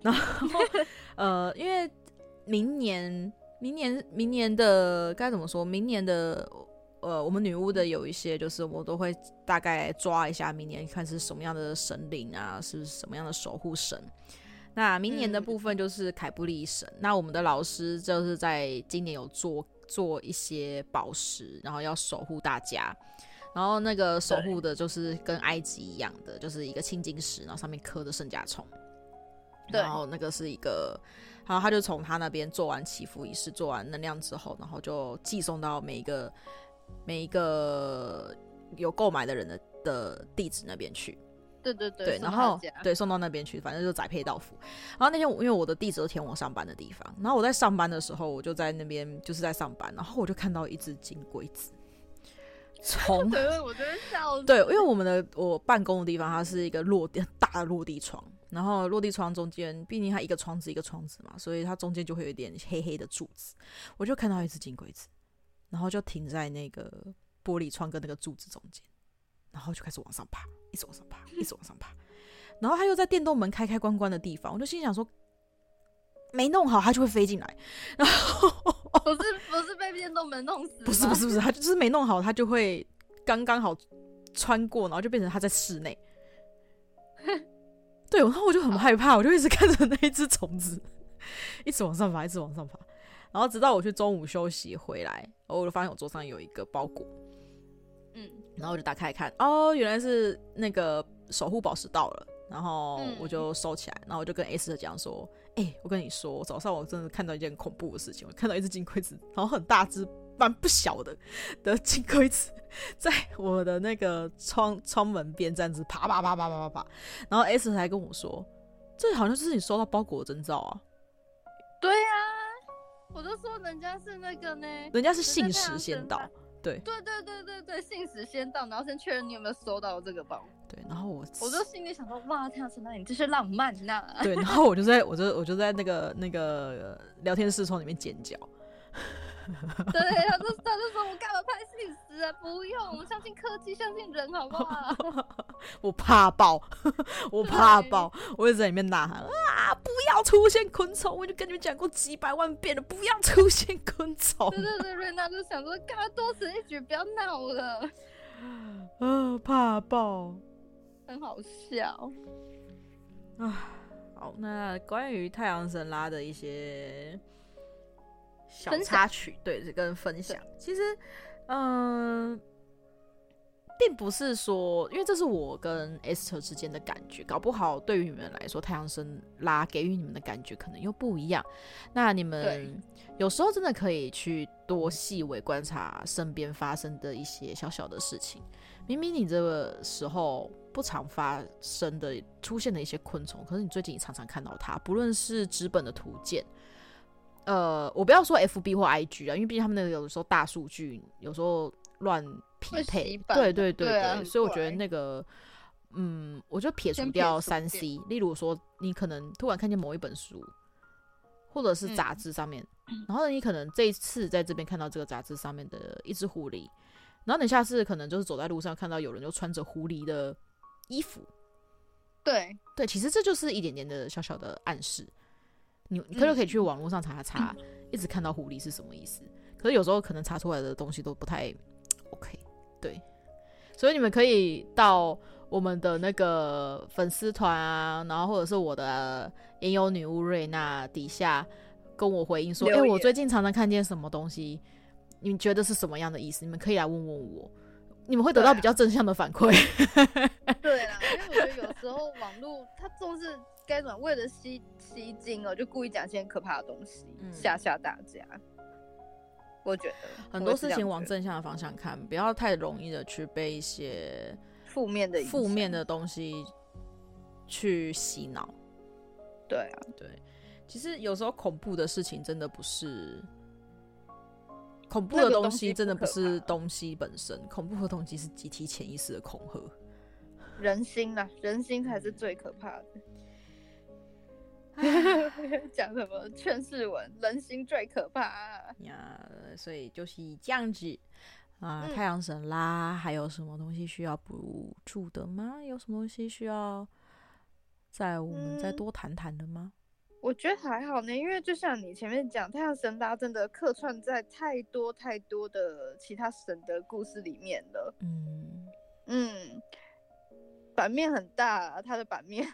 然後 <laughs> 呃，因為明年、明年、明年的該怎麼說？明年的呃，我們女巫的有一些，就是我都會大概抓一下，明年看是什麼樣的神靈啊，是什麼樣的守護神。那明年的部分就是凱布利神，嗯、那我們的老師就是在今年有做做一些寶石，然後要守護大家，然後那個守護的就是跟埃及一樣的，就是一個青金石，然後上面刻的聖甲蟲，對，然後那個是一個，然後他就從他那邊做完祈福儀式，做完能量之後，然後就寄送到每一個每一個有購買的人的的地址那邊去。對對對，對然後對送到那邊去，反正就宅配到府。然後那天因為我的地址都填我上班的地方，然後我在上班的時候，我就在那邊就是在上班，然後我就看到一隻金龜子，蟲， <laughs> 我真的笑死。對，因為我們的我辦公的地方，它是一個落地大的落地窗，然後落地窗中間，畢竟它一個窗子一個窗子嘛，所以它中間就會有一點黑黑的柱子，我就看到一隻金龜子，然後就停在那個玻璃窗跟那個柱子中間。然後就開始往上爬，一直往上爬，一直往上爬。哼然後他又在電動門開開關關的地方，我就心想說，沒弄好他就會飛進來。然後，不是不是被電動門弄死了？不是不是不是，他就是沒弄好，他就會剛剛好穿過，然後就變成他在室內。哼對，然後我就很害怕，我就一直看着那一隻蟲子，一直往上爬，一直往上爬。然後直到我去中午休息回來，我就發現我桌上有一個包裹。嗯，然後我就打開一看，嗯、哦，原來是那個守護寶石到了，然後我就收起來，嗯、然後我就跟 S 的講說，哎、嗯欸，我跟你說，早上我真的看到一件恐怖的事情，我看到一隻金龜子，然後很大隻，蠻不小的的金龜子，在我的那個窗窗門邊這樣子啪啪啪啪啪，啪，啪，然後 S 還跟我說，這好像就是你收到包裹的徵兆啊，對啊，我都說人家是那個呢，人家是信時先到。對對對對對對，信使先到，然後先確認你有沒有收到這個包。對，然後我我就心裡想說，哇，太陽神那裡真是浪漫那。對，然後我就在我就我就在那個那個、呃、聊天室窗裡面尖叫。 <laughs> <laughs> 對，他就他都說我幹嘛拍戲死啊？不用，我們相信科技，相信人，好不好？我怕爆，我怕爆，對我也在裡面吶喊啊！不要出現昆蟲，我就跟你們講過幾百萬遍了，不要出現昆蟲。對對，對瑞娜就想說，幹嘛多此一舉？不要鬧了。啊、 <laughs> 嗯，怕爆，很好笑啊。好，那關於太陽神拉的一些。小插曲，對，跟分享。對其實，嗯、呃，並不是說，因為這是我跟 S 車之間的感覺，搞不好對於你們來說，太陽神拉給予你們的感覺可能又不一樣。那你們有時候真的可以去多細微觀察身邊發生的一些小小的事情。明明你這個時候不常發生的出現的一些昆蟲，可是你最近也常常看到它，不論是資本的圖鑑。呃，我不要說 FB 或 IG 啊，因為畢竟他們那個有的時候大數據有時候亂匹配，對，對對對對。對啊，所以我覺得那個，嗯，我就撇除掉三 C 掉。例如說，你可能突然看見某一本書，或者是雜誌上面，嗯，然後呢，你可能這一次在這邊看到這個雜誌上面的一只狐狸，然後你下次可能就是走在路上看到有人就穿着狐狸的衣服，對對，其實這就是一點點的小小的暗示。你，你就可以去網絡上查查，嗯、一直看到狐狸是什麼意思。可是有時候可能查出來的東西都不太 OK，對。所以你們可以到我們的那個粉絲團啊，然後或者是我的吟遊女巫瑞娜底下跟我回應說，哎言、欸，我最近常常看見什麼東西，你們覺得是什麼樣的意思？你們可以來問問我，你們會得到比較正向的反饋。對啊 <laughs> 對，因為我覺得有時候網絡它總、就是。該怎，為了吸吸睛哦、喔，就故意講些可怕的東西嚇嚇、嗯、大家。我覺得很多事情往正向的方向看，不要太容易的去被一些負面的負面的東西去洗腦。對啊，對，其實有時候恐怖的事情真的不是恐怖的東西，真的不是東西本身，恐怖活動，即是集體潛意識的恐嚇人心啊，人心才是最可怕的。講 <laughs> 什麼勸世文，人心最可怕呀，啊啊！所以就是以這樣子啊，嗯、太陽神啦，還有什麼東西需要補助的嗎？有什麼東西需要在我們再多談談的嗎、嗯？我覺得還好呢，因為就像你前面講，太陽神拉真的客串在太多太多的其他神的故事裡面了。嗯嗯，版面很大，啊，它的版面。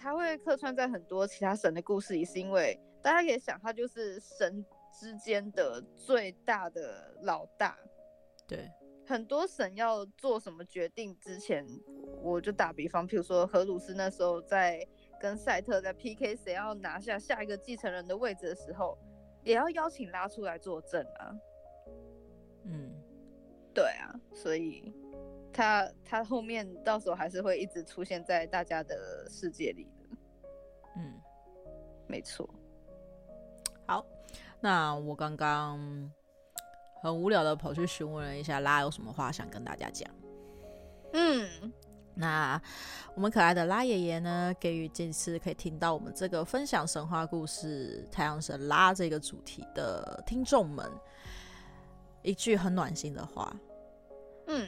他會客串在很多其他神的故事裡，是因為大家可以想，他就是神之間的最大的老大，對。很多神要做什麼決定之前，我就打比方，比如說荷魯斯那時候在跟賽特在 PK，誰要拿下下一個繼承人的位置的時候，也要邀請拉出來作證啊。嗯，對啊，所以。他他後面到時候還是會一直出現在大家的世界裡的，嗯，沒錯。好，那我剛剛很無聊的跑去詢問了一下拉有什麼話想跟大家講。嗯，那我們可愛的拉爺爺呢，給予這次可以聽到我們這個分享神話故事太陽神拉這個主題的聽眾們一句很暖心的話。嗯。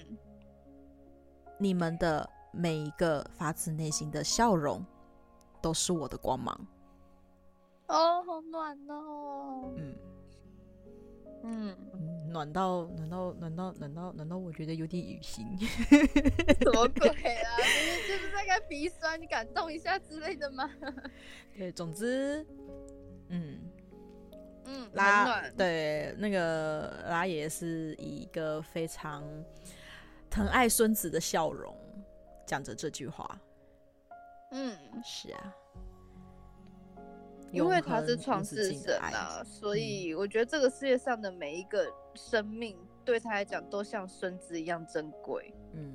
你們的每一個發自內心的笑容，都是我的光芒。哦，好暖哦！嗯嗯，暖到暖到暖到暖到難道，我覺得有點雨心。 <laughs> 什麼鬼啊？明明就是在看鼻酸，你感動一下之類的嗎？ <laughs> 對，總之，嗯嗯，拉暖。對，那個拉爺是一個非常。疼愛孫子的笑容，講着這句話。嗯，是啊，恆因為他是創世神啊，嗯、所以我覺得這個世界上的每一個生命，對他來講都像孫子一樣珍貴。嗯，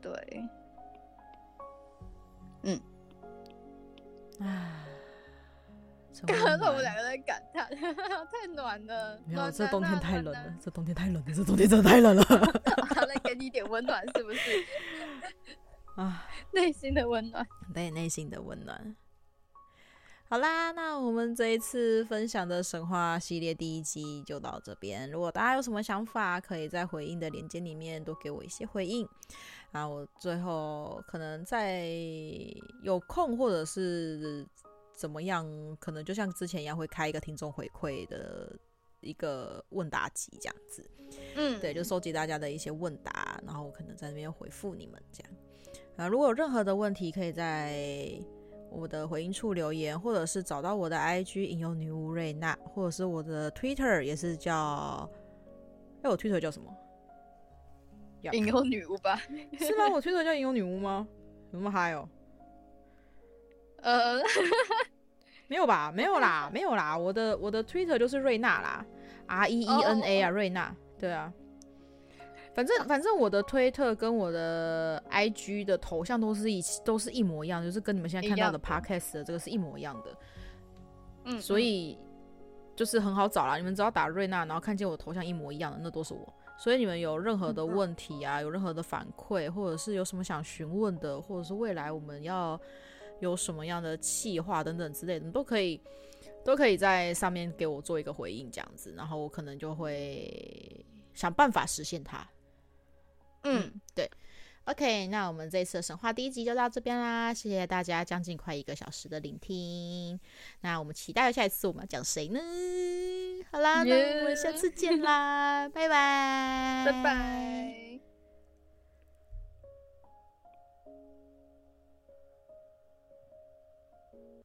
對，嗯，啊。暖，剛剛我們兩個在感嘆，太暖了。沒有暖，這冬，這冬天太冷了，這冬天太冷了，這冬天真的太冷了。他能給你一點溫暖，是不是？啊，內心的溫暖，對內心的溫暖。好啦，那我們這一次分享的神話系列第一集就到這邊。如果大家有什麼想法，可以在回應的鏈接裡面多給我一些回應。然後我最後可能在有空或者是。怎麼樣？可能就像之前一樣，會開一個聽眾回饋的一個問答集這樣子。嗯，對，就收集大家的一些問答，然後我可能在那邊回復你們這樣。啊，如果有任何的問題，可以在我的回應處留言，或者是找到我的 IG“ 吟遊女巫瑞娜”，或者是我的 Twitter 也是叫……哎、欸，我 Twitter 叫什麼？Yep. 吟遊女巫吧？ <laughs> 是嗎？我 Twitter 叫吟遊女巫嗎？有麼還有、哦。呃、uh。 <laughs> 沒有吧？沒有啦，Okay. 沒有啦。我的我的推特就是瑞娜啦，R E E N A 啊，oh, oh, oh. 瑞娜。對啊，反正反正我的推特跟我的 I G 的頭像都是一，都是一模一樣，就是跟你們現在看到的 podcast 的這個是一模一樣的。嗯，所以就是很好找啦。你們只要打瑞娜，然後看見我頭像一模一樣的，那都是我。所以你們有任何的問題啊，嗯、哼有任何的反饋，或者是有什麼想詢問的，或者是未來我們要。有什麼樣的計劃等等之類的，都可以，都可以在上面給我做一個回應，這樣子，然後我可能就會想辦法實現它。嗯，嗯，對，OK，那我們這次的神話第一集就到這邊啦，謝謝大家將近快一個小時的聆聽，那我們期待下一次我們要講誰呢？好啦，Yeah. 那我們下次見啦， <laughs> 拜拜，拜拜。